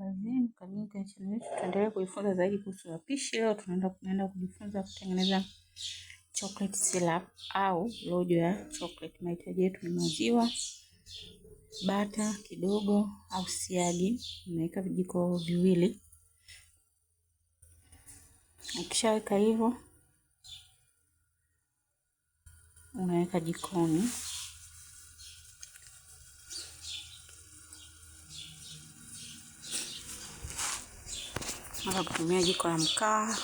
Lazima kamilika channel yetu, tuendelee kujifunza zaidi kuhusu mapishi. Leo tunaenda kujifunza kutengeneza chocolate syrup au rojo ya chocolate. Mahitaji yetu ni maziwa, bata kidogo au siagi. Nimeweka vijiko viwili. Ukishaweka hivyo, unaweka jikoni. hapa kutumia jiko la mkaa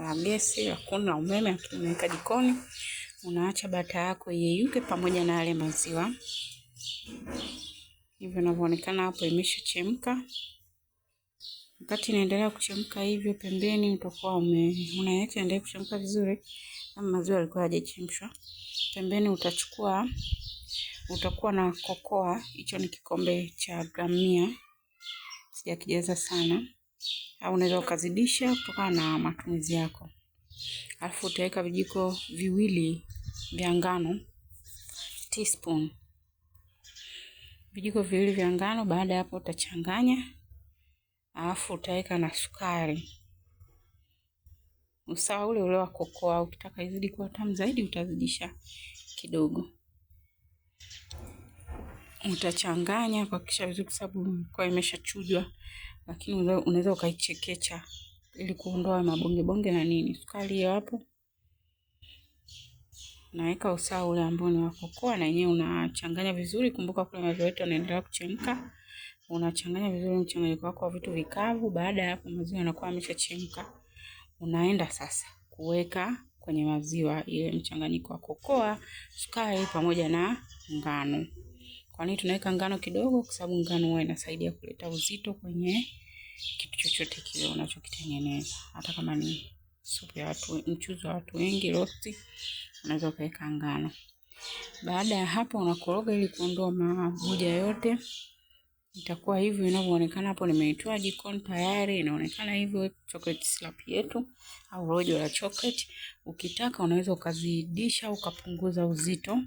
la gesi la kuni la umeme, akitumika jikoni. Unaacha bata yako yeyuke pamoja na yale maziwa, hivyo inavyoonekana hapo imeshachemka. Wakati inaendelea kuchemka hivyo, pembeni utakuwa unaacha endelee kuchemka vizuri, kama maziwa yalikuwa hayajachemshwa. Pembeni utachukua utakuwa na kokoa, hicho ni kikombe cha gramu mia, sijakijaza sana au unaweza ukazidisha kutokana na matumizi yako. Alafu utaweka vijiko viwili vya ngano teaspoon, vijiko viwili vya ngano. Baada ya hapo, utachanganya alafu utaweka na sukari usawa ule ule wa kokoa. Ukitaka izidi kuwa tamu zaidi, utazidisha kidogo. Utachanganya kuhakikisha vizuri, kwa sababu kwa imeshachujwa lakini unaweza ukaichekecha ili kuondoa mabongebonge na nini. Sukari hiyo hapo naweka usawa ule ambao ni wakokoa na yenyewe unachanganya vizuri. Kumbuka kule maziwa yetu yanaendelea kuchemka, unachanganya vizuri mchanganyiko wako wa vitu vikavu. Baada ya hapo, maziwa yanakuwa yameshachemka, unaenda sasa kuweka kwenye maziwa ile mchanganyiko wa kokoa, sukari pamoja na ngano. Kwa nini tunaweka ngano kidogo? Kwa sababu ngano huwa inasaidia kuleta uzito kwenye kitu chochote kile unachokitengeneza, hata kama ni supu ya watu, mchuzi wa watu wengi, rosti, unaweza ukaweka ngano. Baada ya hapo, unakoroga ili kuondoa mavuja yote. Itakuwa hivyo inavyoonekana hapo. Nimeitoa jikoni tayari, inaonekana hivyo chocolate slap yetu au rojo la chocolate. Ukitaka unaweza ukazidisha ukapunguza uzito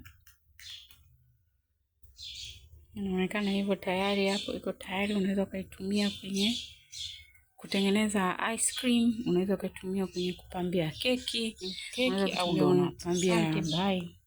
inaonekana hivyo tayari hapo, iko tayari. Unaweza ukaitumia kwenye kutengeneza ice cream, unaweza ukaitumia kwenye kupambia keki, keki au donut. Pambia. Bye.